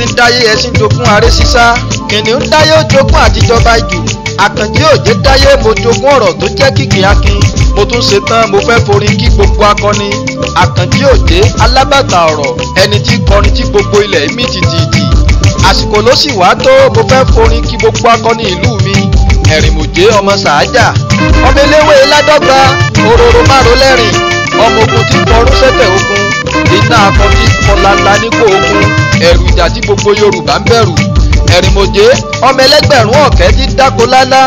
ẹṣin dáyé ẹṣin jogún aré sísá kìnìún dáyé ó jogún àtijọba ìjù àkànjí òjé dáyé mo jogún ọ̀rọ̀ tó jẹ́ kìkì akin mo tún ṣe tán mo fẹ́ forí kí gbogbo akọni àkànjí òjé alábàtà ọ̀rọ̀ ẹni tí kọrin tí gbogbo ilẹ̀ mì tìtìtì àsìkò ló sì wá tó mo fẹ́ forí kí gbogbo akọni ìlú mi ẹ̀rìnmòjé ọmọ sàájà ọmọ eléwé ládọ́gba òróró márùn lẹ́rìn ọmọ ogun tí kọrú sẹ́tẹ̀ ogun iná akọjí kọlala ní kóògùn ẹ̀rù ìjà tí gbogbo yorùbá ń bẹ̀rù ẹ̀rìnmọ̀jé ọmọ ẹlẹ́gbẹ̀rún ọ̀kẹ́ ti dáko lálá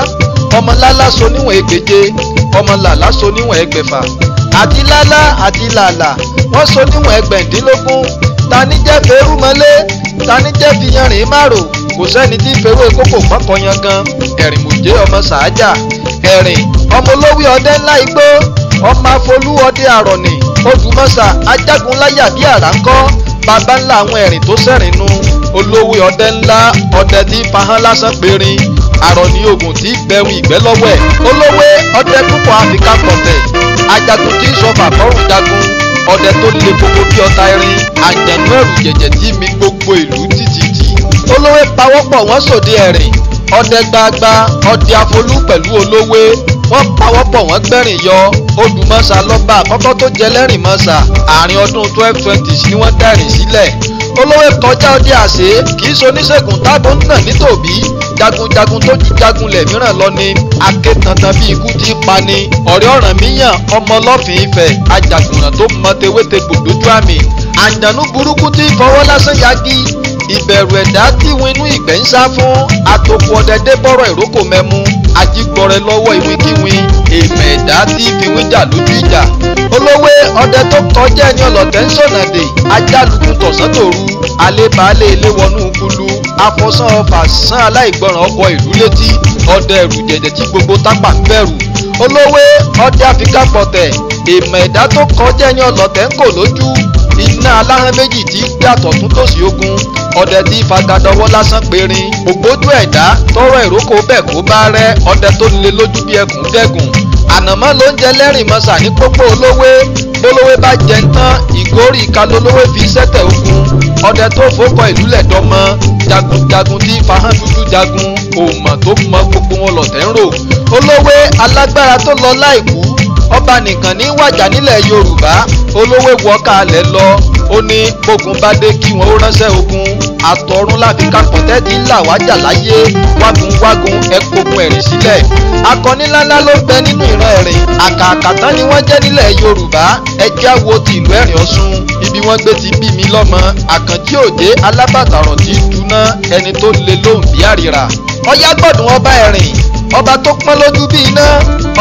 ọmọ lálá so níwọ̀n ègbèje ọmọ làlá so níwọ̀n ẹgbẹ̀fà àti lálá àti làlà wọ́n so níwọ̀n ẹgbẹ̀ndínlógún tani jẹ́ fẹ́rú mọ́lé tani jẹ́ fiyanrìn márò kò sẹ́ni tí fẹ́rú kókò mọ́kànyán gan ẹ̀rìnmọ̀jé ọmọ sàájà ẹ̀rìn ọmọ olówí ọdẹ ńlá igbó ọmọ afolú ọdẹ àrọ̀nì odùmọ̀sà ajagunláyà bí àrà ń kọ́ bàbá ńlá àwọn ẹ̀rìn tó sẹ́rìn nu olówó ọdẹ ńlá ọdẹ tí ń fahán lásán périn àrọ̀ ogun tí bẹ̀rùn ìgbẹ́ lọ́wọ́ ẹ̀ olówó ọdẹ púpọ̀ àfikà kọ̀tẹ̀ ajagun tí ń sọ fàkọ́rùn jagun ọdẹ tó le gbogbo bí ọta irin àjẹnú ẹ̀rù jẹ̀jẹ̀ tí mi gbogbo ìlú títí olówó pawọ́pọ̀ wọ́n sòde ẹ̀rìn ọdẹ gbagba ọdẹ afolú pẹ̀lú olówó wọ́n pawọ́pọ̀ wọ́n gbẹ̀rìn yọ odùmọ̀sà lọ́ba àkọ́kọ́ tó jẹ lẹ́rìn mọ̀sà àárín ọdún twelve twenty ni wọ́n dẹ̀rìn sílẹ̀ olówó kọjá ọdẹ àṣẹ kì í ṣoníṣègùn tábó ń nítòbí jagunjagun tó ju jagunlẹ̀ mìíràn lọ ni akétantan bí ikú ti pa ni ọ̀rẹ́ ọ̀ràn míyàn ọmọ ọlọ́fìn ifẹ̀ ajàgùnà tó mọ tewétegbò dójú àmì àjànú burúkú ti fọwọ́ lásán yagi ìbẹ̀rù ẹ̀dá tí winú ìgbẹ́ ń sá fún atòkù ọdẹ bọ́rọ̀ ìrókò mẹ́mú ajígbọrẹ lọ́wọ́ ìwíkíwí èèmọ̀ ẹ̀dá tí fìwé jà lójú ìjà olówó ọdẹ tó kọjá ẹni ọlọ̀tẹ̀ ń sọ̀nàdè ajálùkún tọ̀sán tòru alébàálé ilé wọnú kulu afọsán ọfà sán aláìgbọràn ọkọ ìlú létí ọdẹ ẹrù jẹjẹ tí gbogbo tápà ń bẹ̀rù olówó ọdẹ àfikápọ̀tẹ̀ èèmọ̀ tó kọjá ẹni ọlọ̀tẹ̀ ń kò lójú iná aláhán méjì tí yàtọ̀ tún tòsí ogun ọdẹ tí fagadọwọ́ lásán perin ògbójú ẹ̀dá tọrọ ìrókò bẹ́ẹ̀ kó bá rẹ ọdẹ tó le lójú bí ẹkùn dẹ́gùn ànàmọ́ ló ń jẹ lẹ́rìn mọ́sà ní pópó olówé bólówé bá jẹ ń tán ìgórí ìkalólówé fi sẹ́tẹ̀ ogun ọdẹ tó fókọ ìlú lẹ̀dọ́mọ jagunjagun tí fahán dúdú jagun òmà tó mọ gbogbo wọn lọ̀tẹ̀ ń rò olówé alágbára tó lọ láìkú ọba nìkan ní wàjà nílẹ̀ yorùbá olówó wọ kalẹ̀ lọ ó ní bógun bá dé kí wọn ó ránṣẹ́ ogun àtọ̀run láfi kápọ̀ tẹ́tí ńlá wájà láyé wágunwágun ẹ̀kọ́gun ẹ̀rìn sílẹ̀ akọni ńláńlá ló bẹ nínú ìran ẹ̀rìn àkàkàtà ni wọ́n jẹ́ nílẹ̀ yorùbá ẹjẹ́ àwo ti ìlú ẹ̀rìn ọ̀ṣun ibi wọ́n gbé ti bí mi lọ́mọ àkànjí òde alábàtàràn ti dúná ẹni tó le lóhùn bí àrìrà ọyá gbọ̀dùn ọba ẹ̀rìn ọba tó pọ́n lójú bí iná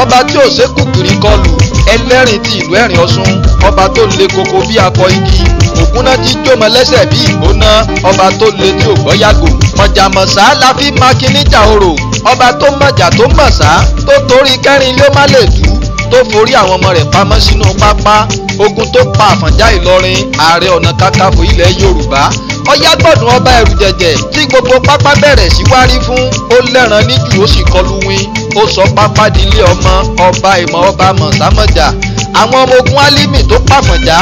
ọba tí ò sékù kiri kọlù ẹlẹ́rìn ti ìlú ẹ̀rìn ọ̀ṣun ọba tó le koko bí akọ igi ògúnná ti jòmọ lẹ́sẹ̀ bí ìgbóná ọba tó le tí ò gbọ́ yàgò mọ̀jàmọ̀sá la fi makin níjà orò ọba tó mọ̀jà tó mọ̀sá tó torí kẹrin ló má lè tú tó forí àwọn ọmọ rẹ̀ pamọ́ sínú pápá ogun tó pa àfọ̀njá ìlọrin ààrẹ ọ̀nà kakanfò ilẹ̀ yorùbá ọyá ọba ẹ̀rù jẹ̀jẹ̀ tí gbogbo pápá bẹ̀rẹ̀ sí fún ó lẹ́ran níjù ó sì kọlu wín ó sọ pápá dilé ọmọ ọba ìmọ̀ ọba mọ̀sámọ́jà àwọn ọmọ ogun Álímì tó pàfọ̀njá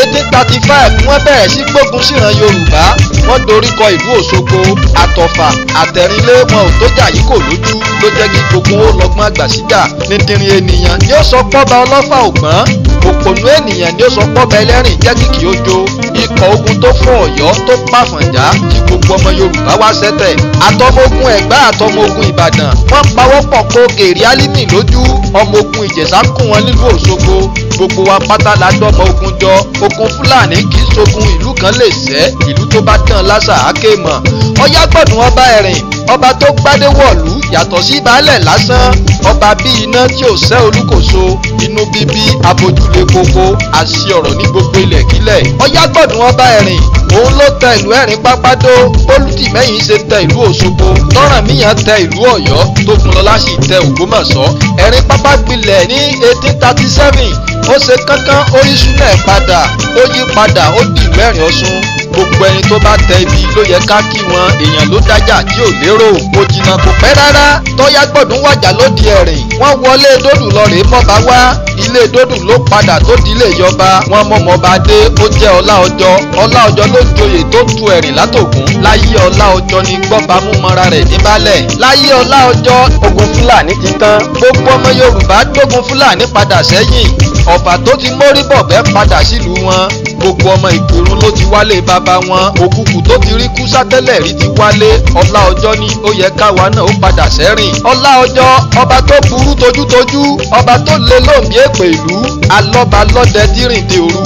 eighteen thirty five wọ́n bẹ̀rẹ̀ sí gbógun síran Yorùbá wọ́n doríkọ ìlú Òṣogbo àtọ̀fà àtẹ̀rínlé wọn ò tó jà yìí kò lójú ló jẹ́ kí gbogbo ó lọ́gbọ́n àgbà síjà ní dínrín ènìyàn ni ó sọ pọ́ba ọlọ́fà ògbọ́n òpònú ènìyàn ni ó sọ pọ́mọ ẹlẹ́rìn jẹ́ kìkì ojo ikọ̀ ogun tó fún ọ̀yọ́ tó pàfàǹjá tí gbogbo ọmọ yorùbá wá sẹ́tẹ̀ àtọmọogun ẹ̀gbá àtọmọogun ìbàdàn wọ́n pawọ́pọ̀ kó kèrè álímì lójú ọmọ ogun ìjẹ̀ṣà kùn wọn nílùú òṣogbo gbogbo wa pátá la dọ́mọ ogun jọ ogun fúlàní kì í ṣogun ìlú kan lè sẹ́ ìlú tó bá tán lásà ákè mọ̀ ọyágbọ̀dùn ọba ẹ̀rìn ọba tó gbádé wọ̀lú yàtọ̀ sí baálẹ̀ lásán ọba bíi iná tí ò sẹ́ olúkòso inú bíbí àfojúlé koko àṣì ọ̀rọ̀ ní gbogbo ilẹ̀ kílẹ̀ ọyá gbọ̀dùn ọba ẹ̀rìn òun ló tẹ ìlú ẹ̀rìn pápádó bólúdìmẹ́yìn ṣe tẹ ìlú Òṣogbo tọ́rànmíyàn tẹ ìlú Ọ̀yọ́ tókunlọ́lá sì tẹ Ògbómọ̀ṣọ́ ẹ̀rìn pápá gbilẹ̀ ní eighteen thirty seven ó ṣe kankan orísun náà padà ó yí padà ó di mẹ́rin ọ̀ṣun gbogbo ẹni tó bá tẹ ibi ló yẹ ká kí wọn èèyàn ló dájà tí ò lérò kò jìnnà kò pẹ́ rárá tọ́yá gbọ̀dún wàjà lóde ẹ̀rìn wọ́n wọlé dòdù lọ rèé mọ́ba wá ilé dòdù ló padà tó di ilé ìjọba wọ́n mọ̀mọ́ba dé ó jẹ́ ọlá ọjọ́ ọlá ọjọ́ ló joyè tó tu ẹ̀rìn látògùn láyé ọlá ọjọ́ ni gbọ́ba mú rẹ̀ níbàlẹ̀ láyé ọlá ọjọ́ ogun fúlàní ti tán gbogbo ọmọ yorùbá gbógun fúlàní padà sẹ́yìn ọ̀fà tó ti mórí bọ̀bẹ́ padà sílùú wọn gbogbo ọmọ ìgboro ló ti wálé bàbá wọn òkùnkù tó ti rí kú sátẹ́lẹ̀ rí ti wálé ọlá ọjọ́ ni ó yẹ káwa náà ó padà sẹ́rìn ọlá ọjọ́ ọba tó burú tojútojú ọba tó lé lómi èpè ìlú alọ́ba lọ́dẹ dírìndé òru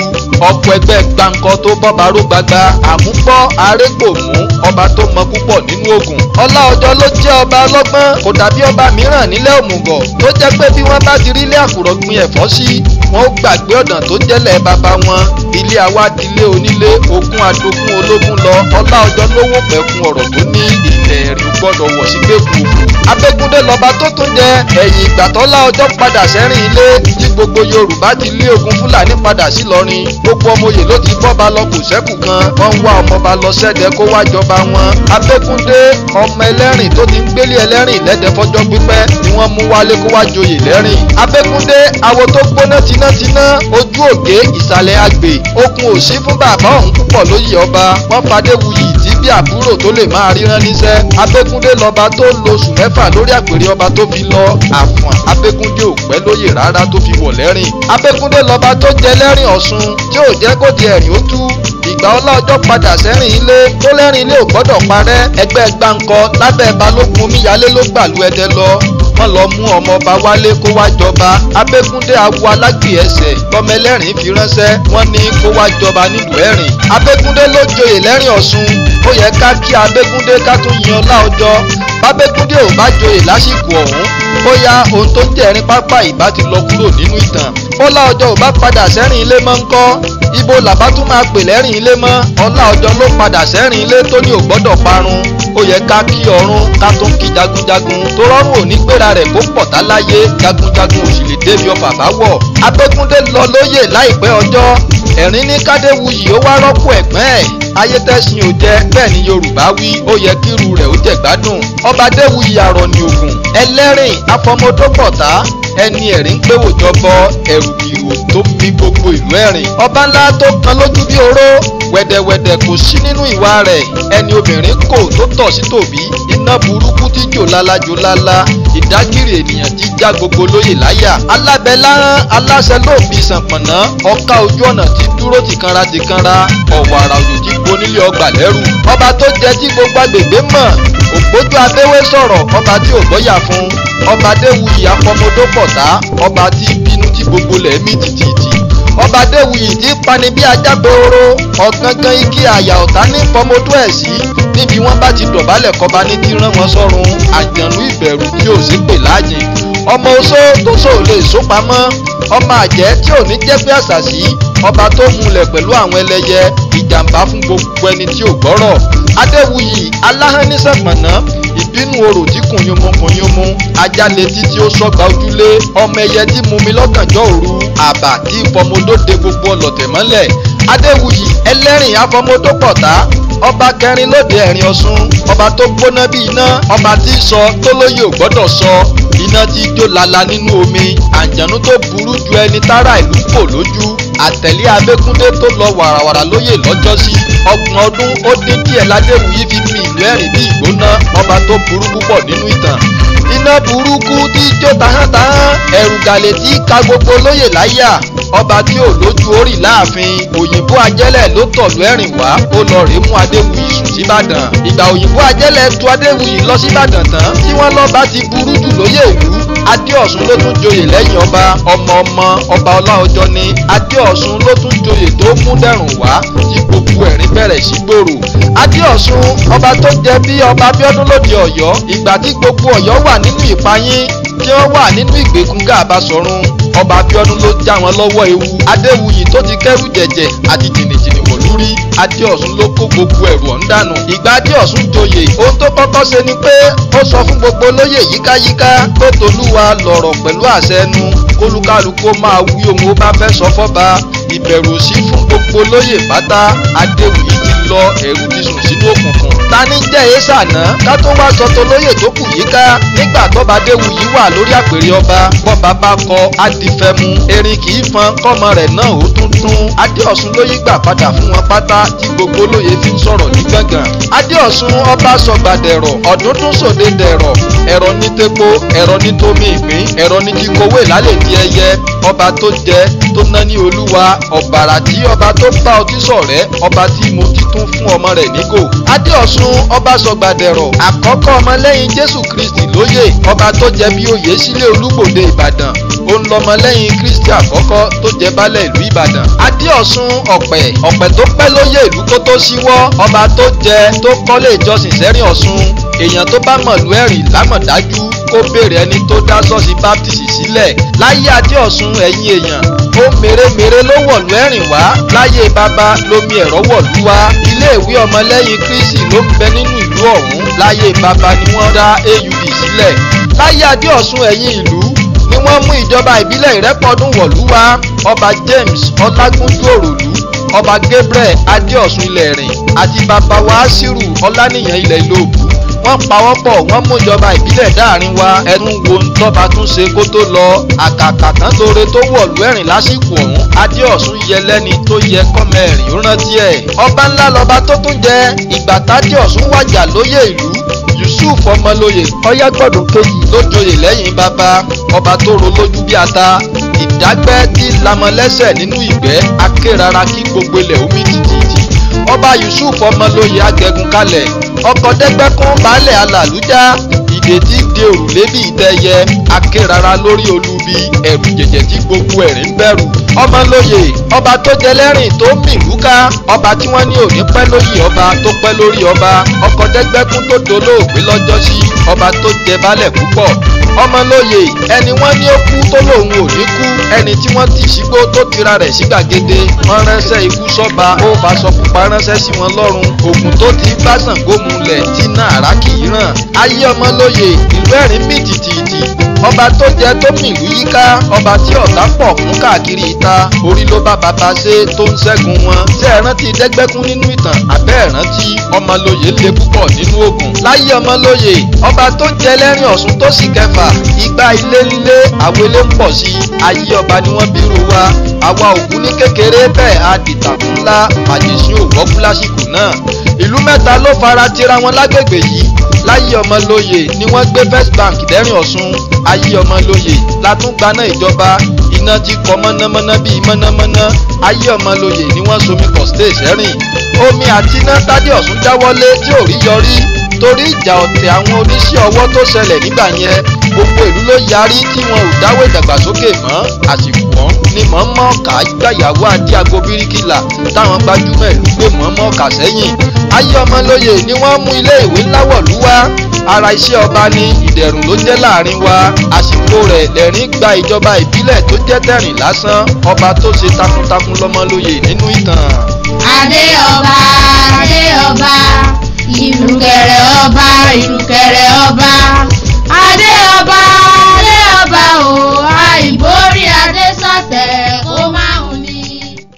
ọ̀pọ̀ ẹgbẹ́ gbàǹkan tó bọ́ba ró gbagba àmúgbọ́ arépòmù ọba tó mọ púpọ̀ nínú ogun ọlá ọjọ́ ló jẹ́ ọba ọlọ́gbọ́n kò dàbí ọba mìíràn nílẹ̀ òmùgọ̀ tó jẹ́ pé bí wọ́n bá ti rí ilé àkùrọ̀ gbin ẹ̀fọ́ sí wọn ó gbàgbé ọ̀dàn tó jẹ́lẹ̀ bàbá wọn ilé awádìílé onílé ogún adógún ológun lọ ọlá ọjọ́ lówó pẹ̀kun ọ̀rọ̀ tó ní ilẹ̀ ẹ̀rù gbọ́dọ̀ wọ̀ sí gbẹ̀kú. abẹ́kúndé lọ́ba tó tún jẹ ẹ̀yìn ìgbà ọjọ́ padà sẹ́rìn ilé tí gbogbo yorùbá ti lé ogun fúlàní padà sí lọrin gbogbo ọmọye ló ti bọ́ ba lọ kò sẹ́kù kan wọ́n ń wá ọmọba lọ sẹ́dẹ̀ kó wá jọba wọn. abẹ́kúndé ọmọ ẹlẹ́rìn tó ti ń gbélé ẹlẹ́rìn lẹ́dẹ̀ fọ́jọ́ pípẹ́ ni wọ́n mú wálé kó wá joyè lẹ́rìn. abẹ́kúndé awo tó gbóná ti tínátíná ojú òkè ìsàlẹ̀ àgbè okun òsí fún bàbá òun púpọ̀ lóyè ọba wọ́n fadé wuyì tí bí àbúrò tó lè máa ríran níṣẹ́ abẹ́kúndé lọ́ba tó lo oṣù mẹ́fà lórí àpèrè ọba tó fi lọ àfọ̀n abẹ́kúndé ò pẹ́ lóyè rárá tó fi wọ̀ lẹ́rìn abẹ́kúndé lọ́ba tó jẹ lẹ́rìn ọ̀ṣun tí ò jẹ́ kó di ẹ̀rìn ó tú ìgbà ọlá ọjọ́ padà sẹ́rìn ilé tó lẹ́rìn ilé ò gbọ́dọ̀ parẹ́ ẹgbẹ́ gbáǹkọ lábẹ́ balógun omíyalé ló gbàlú ẹdẹ lọ wọ́n lọ mú ọmọọba wálé kó wá jọba abẹ́gúndé awo alágbè ẹsẹ̀ lọ́mọ ẹlẹ́rìn fi ránṣẹ́ wọ́n ní kó wá jọba nílùú ẹ̀rìn abẹ́gúndé ló joyè lẹ́rìn ọ̀ṣun ó yẹ ká kí abẹ́gúndé ká tún yan láọjọ́ bábẹ́gúndé ò bá joyè lásìkò ọ̀hún bóyá ohun tó ń jẹ̀rín pápá ìbá ti lọ kúrò nínú ìtàn bọ́lá ọjọ́ ò bá padà sẹ́rìn ilé mọ́ ń kọ́ ibo làbá tún máa pè lẹ́rìn ilé mọ́ ọlá ọjọ́ ló padà sẹ́rìn ilé tó ní ò gbọ́dọ̀ parun ó yẹ ká kí ọ̀run ká tún kí jagunjagun tó rọrùn òní gbéra rẹ̀ kó pọ̀tá láyé jagunjagun òṣèlè débi ọfà bá wọ̀ abẹ́gúndé lọ lóyè láìpẹ́ ọjọ́ ẹ̀rín ní kádéwuyì ó wá rọ́pò ẹ̀gbọ́n ẹ̀ ayétẹ́sìn ò jẹ bẹ́ẹ̀ ni yorùbá wí ó yẹ kíru rẹ̀ ó jẹ̀gbádùn ọba déwuyì àrọ̀ ní ògùn ẹlẹ́rìn afọmọdópọ̀tá ẹni ẹ̀rín gbéwòjọ bọ ẹ̀rù bìrò tó bí gbogbo ìlú ẹ̀rín ọba ńlá tó kan lójú bí oró wẹ̀dẹ̀wẹ̀dẹ̀ kò sí nínú ìwà rẹ̀ ẹni obìnrin kò tó tọ̀ sí tòbí iná burúkú tí jò lálájò lálá ìdágìrì ènìyàn ti já gbogbo lóyè láyà alábẹ́lárán aláṣẹ ló fi sànpọ̀nà ọ̀ka ojú ọ̀nà ti dúró tìkanra tìkanra ọ̀wàrà òjò gbónílé ọgbà lẹ́rù ọba tó jẹ́ tí gbogbo agbègbè mọ̀ ògbójú abẹ́wé sọ̀rọ̀ ọba tí ò gbọ́yà fún ọba adéwuyì afọmọdópọ̀tá ọba tí bínú tí gbogbo lẹ̀ mí tìtìtì ọba adéwuyì tí pani bí ajá gbooro ọ̀gángan igi àyà ọ̀tá ní fọmọdó ẹ̀ sí níbi wọ́n bá ti dọ̀bálẹ̀ kọba ní tí rán wọn sọ́run àjànú ìbẹ̀rù tí ò sí pè láàyè ọmọ oṣó tó ṣò lè só pamọ́ ọmọ àjẹ́ tí ò ní jẹ́ pé àṣàṣì ọba tó múlẹ̀ pẹ̀lú àwọn ẹlẹ́yẹ ìjàmbá fún gbogbo ẹni tí ò gbọ́rọ̀ adéwuyì aláhánísẹ̀pọ̀nà ìbínú orò tí kùnyùnmú kùnyùnmú ajálẹ títí ó sọgbà ojúlé ọmọ ẹyẹ tí mumi lọ́gànjọ́ òru àbà tí ìfọmọdóde gbogbo ọlọ̀tẹ̀ mọ́lẹ̀ adéwuyì ẹlẹ́rìn afọmọdópọ̀tá ọba kẹrin lóde ẹ̀rin ọ̀ṣun ọba tó gbóná bí iná ọba tí sọ tó lóye ò gbọ́dọ̀ sọ aṣẹ́yàn tí jó lala nínú omi àǹjẹ̀nú tó burú ju ẹni tára ìlú pò lójú àtẹ̀lé abékúndé tó lọ wàràwàrà lóyè lọ́jọ́sí ọgbọ̀n ọdún ó dín díẹ̀ ládéhùn yìí fi mi ìlú ẹ̀rìn bí ìgbóná ọba tó burú púpọ̀ nínú ìtàn iná burúkú tí jó tahántahán ẹ̀rù tí ka gbogbo lóyè láyà ọba tí ò lójú orí láàfin òyìnbó ajẹ́lẹ̀ ló tọ̀lú ẹ̀rìn wá ó lọ rèé mú adéwuyì sùn síbàdàn ìgbà òyìnbó ajẹ́lẹ̀ tú adéwuyì lọ síbàdàn tán tí wọ́n lọ́ba ti burú jù lóyè ìlú adéọ̀sùn ló tún joyè lẹ́yìn ọba ọmọ ọmọ ọba ọláọjọ́ ni adéọ̀sùn ló tún joyè tó mú dẹ̀rùn wá tí gbogbo ẹ̀rín bẹ̀rẹ̀ sí gbòòrò adéọ̀sùn ọba tó jẹ bí ọba abíọ́dún lóde ọ̀yọ́ ìgbà tí gbogbo ọ̀yọ́ wà nínú ìpayín tí wọ́n wà nínú ìgbèkúngà àbásọ̀run ọba Abíọ́dún ló já wọn lọ́wọ́ ewu Adéwuyì tó ti kẹ́rù jẹ̀jẹ̀ àti jìnnìjìnnì wọ̀ lórí Adéọ̀sùn ló kó gbogbo ẹ̀rù ọ̀hún dànù ìgbà Adéọ̀sùn joyè ohun tó kọ́kọ́ ṣe ni pé ó sọ fún gbogbo olóyè yíkáyíká tó tolúwa lọ̀rọ̀ pẹ̀lú àṣẹ ẹnu kólúkálukó máa wí ohun ó bá fẹ́ sọ fọ́ba sí fún gbogbo olóyè pátá Adéwuyì ti lọ ẹ̀rù sínú òkùnkùn ta ní jẹ́ èésà náà ká tó wá sọ tolóyè tó kù yíká nígbà tọ́ba déwu yìí wà lórí àpèrè ọba bọ́ba bá kọ adìfẹ́mu erin kì í fọn kọ́mọ rẹ̀ náà ó tuntun adéọ̀sùn ló yí gbà padà fún wọn pátá tí gbogbo lóye fi ń sọ̀rọ̀ ní gbọ̀ngàn adéọ̀sùn ọba sọgbà dẹ̀rọ̀ ọ̀dún sòde dẹ̀rọ̀ ẹ̀rọ ní tepo ẹ̀rọ ní tómi ìpín ẹ̀rọ ní kíkówé lálẹ́ di ẹyẹ ọba tó jẹ tó ná ní olúwa ọ̀bàrà tí ọba tó bá ọtí ṣọ̀rẹ́ ọba tí mo ti tún fún ọmọ rẹ̀ nígò. adé ọba sọgbàdẹ̀rọ̀ àkọ́kọ́ ọmọlẹ́yìn jésù kristi lóyè ọba tó jẹ bí oyè sílé olúgbòde ìbàdàn ó ń lọmọ lẹ́yìn kristi àkọ́kọ́ tó jẹ baálẹ̀ ìlú ìbàdàn. adé ọ̀ṣun ọ̀pẹ̀ ọ̀pẹ̀ tó pẹ́ lóyè ìlú kó tó ṣíwọ́ ọba tó jẹ tó kọ́lé ìjọsìn sẹ́rìn ọ̀ṣun èèyàn tó bá mọ̀lú ẹ̀rì lámọ̀dájú kó béèrè ẹni tó dá ṣọ́ọ̀ṣì baptist sílẹ̀ láyé àti ọ̀sùn ẹ̀yìn èèyàn ó mèremère ló wọ̀lú ẹ̀rìn wá láyé bàbá lomi ẹ̀rọ wọ̀lú wá iléèwé ọmọlẹ́yìn kristi ló ń bẹ nínú ìlú ọ̀hún láyé bàbá ni wọ́n dá AUD sílẹ̀ láyé àti ọ̀sùn ẹ̀yìn ìlú ni wọ́n mú ìjọba ìbílẹ̀ ìrẹ́pọ̀dún wọ̀lú wá ọba James ọlágúnjú òròlú ọba Gabriel adéọ̀sùn ilẹ̀ rìn àti bàbá wa Sírù ọlánìyàn ilẹ̀ ìlú ògùn wọ́n pawọ́pọ̀ wọ́n mú ìjọba ìbílẹ̀ dáàrin wa ẹnu wo ńtọ́ba tún ṣe kó tó lọ àkàkà kan tóore tó wọ̀lú ẹ̀rìn lásìkò ọ̀hún adéọ̀sùn yẹ lẹ́ni tó yẹ kọ́mọ ẹ̀rìn ó rántí ẹ̀ ọba ńlá lọba tó tún jẹ ìgbà tádéọ̀sùn wàjà lóyè ìlú yusuf ọmọlóye ọyágbọ́dún kejì ló joyè lẹ́yìn bàbá ọba tó ro lójú bí ata ìdágbẹ́ tí lamọlẹ́sẹ̀ nínú ìgbẹ́ akérara kí gbogbo ilẹ̀ omi tìtìtì ọba yusuf ọmọlóye agẹgun kalẹ̀ ọkọ̀ dẹ́gbẹ́kún baálẹ̀ alàlújá ìdè tí de òrùlé bí ìtẹ́yẹ akérara lórí olú níbi ẹ̀rù jẹ̀jẹ̀ tí gbogbo ẹ̀rín bẹ̀rù ọmọ lóye ọba tó jẹ lẹ́rìn tó mìlú ká ọba tí wọ́n ní òní pẹ́ lóyè ọba tó pẹ́ lórí ọba ọkọ̀ dẹ́gbẹ́kún tó dolóògbé lọ́jọ́ sí ọba tó jẹ balẹ̀ púpọ̀ ọmọlóye ẹni wọ́n ní ó kú tó lòun ò ní kú ẹni tí wọ́n ti sígbó tó tira rẹ̀ sí gbàgede wọ́n ránṣẹ́ ikú sọ́ba ó faṣọ pupa ránṣẹ́ sí wọn lọ́rùn ògùn tó ti bá Ṣàngó mulẹ̀ tí náà àrá í ràn ayé ọmọlóye ìlú ẹ̀rín mì tìtìtì ọba tó jẹ tó fìlú yíká ọba tí ọ̀tá pọ̀ fún káàkiri ìta orí ló bá bàbá ṣe tó ń ṣẹ́gun wọn ṣé ẹ rántí dẹ́gbẹ́kún nínú ìtàn àbẹ́ ẹ rántí ọmọlóye le púpọ̀ nínú ogun láyé ọmọlóye ọba tó jẹ lẹ́rìn ọ̀ṣun tó sì kẹfà igba ilé lílé àwọlé ń pọ̀ sí ayé ọba ni wọ́n bí wa àwa ògún ní kékeré bẹ́ẹ̀ a dìtàkùn ńlá màjèṣin òwọ́kú lásìkò náà ìlú mẹ́ta ló fara tira wọn lágbègbè yìí láyé ọmọlóye ni wọ́n gbé first bank dẹ́rìn ọ̀ṣun ayé ọmọlóye látúgbaná ìjọba iná ti kọ mọ́nàmọ́ná bíi mọ́nàmọ́ná ayé ọmọlóye ni wọ́n somi kọ̀ stage ẹ̀rìn omi àti iná tádé ọ̀ṣun dáwọ́lé tí ò rí yọrí torí ìjà ọ̀tẹ̀ àwọn oníṣẹ́ ọwọ́ tó ṣẹlẹ̀ nígbà yẹn gbogbo ìlú ló yarí tí wọn ò dáwọ́ ìdàgbàsókè mọ́ àsìkò ọ̀hún ni mọ̀ọ́mọ́ ọ̀kà gbàyàwó adíago bíríkìlà táwọn gbajúmọ̀ ìlú gbé mọ̀ọ́mọ́ ọ̀kà sẹ́yìn ayé ọmọlóye ni wọ́n mú ilé ìwé láwọ̀lú wá ara iṣẹ́ ọba ni ìdẹ̀rùn ló jẹ́ láàrin wa àsìkò rẹ̀ lẹ́rìn gba ìjọba ìbílẹ̀ tó jẹ́ tẹ̀rìn lásán ọba tó ṣe takuntakun lọ́mọlóye nínú ìtàn. adé ọba adé ọba ìrùkẹ̀rẹ̀ ọba ìrùkẹ̀rẹ̀ ọba adé ọba adé ọba o àìborí adé sọ̀tẹ̀.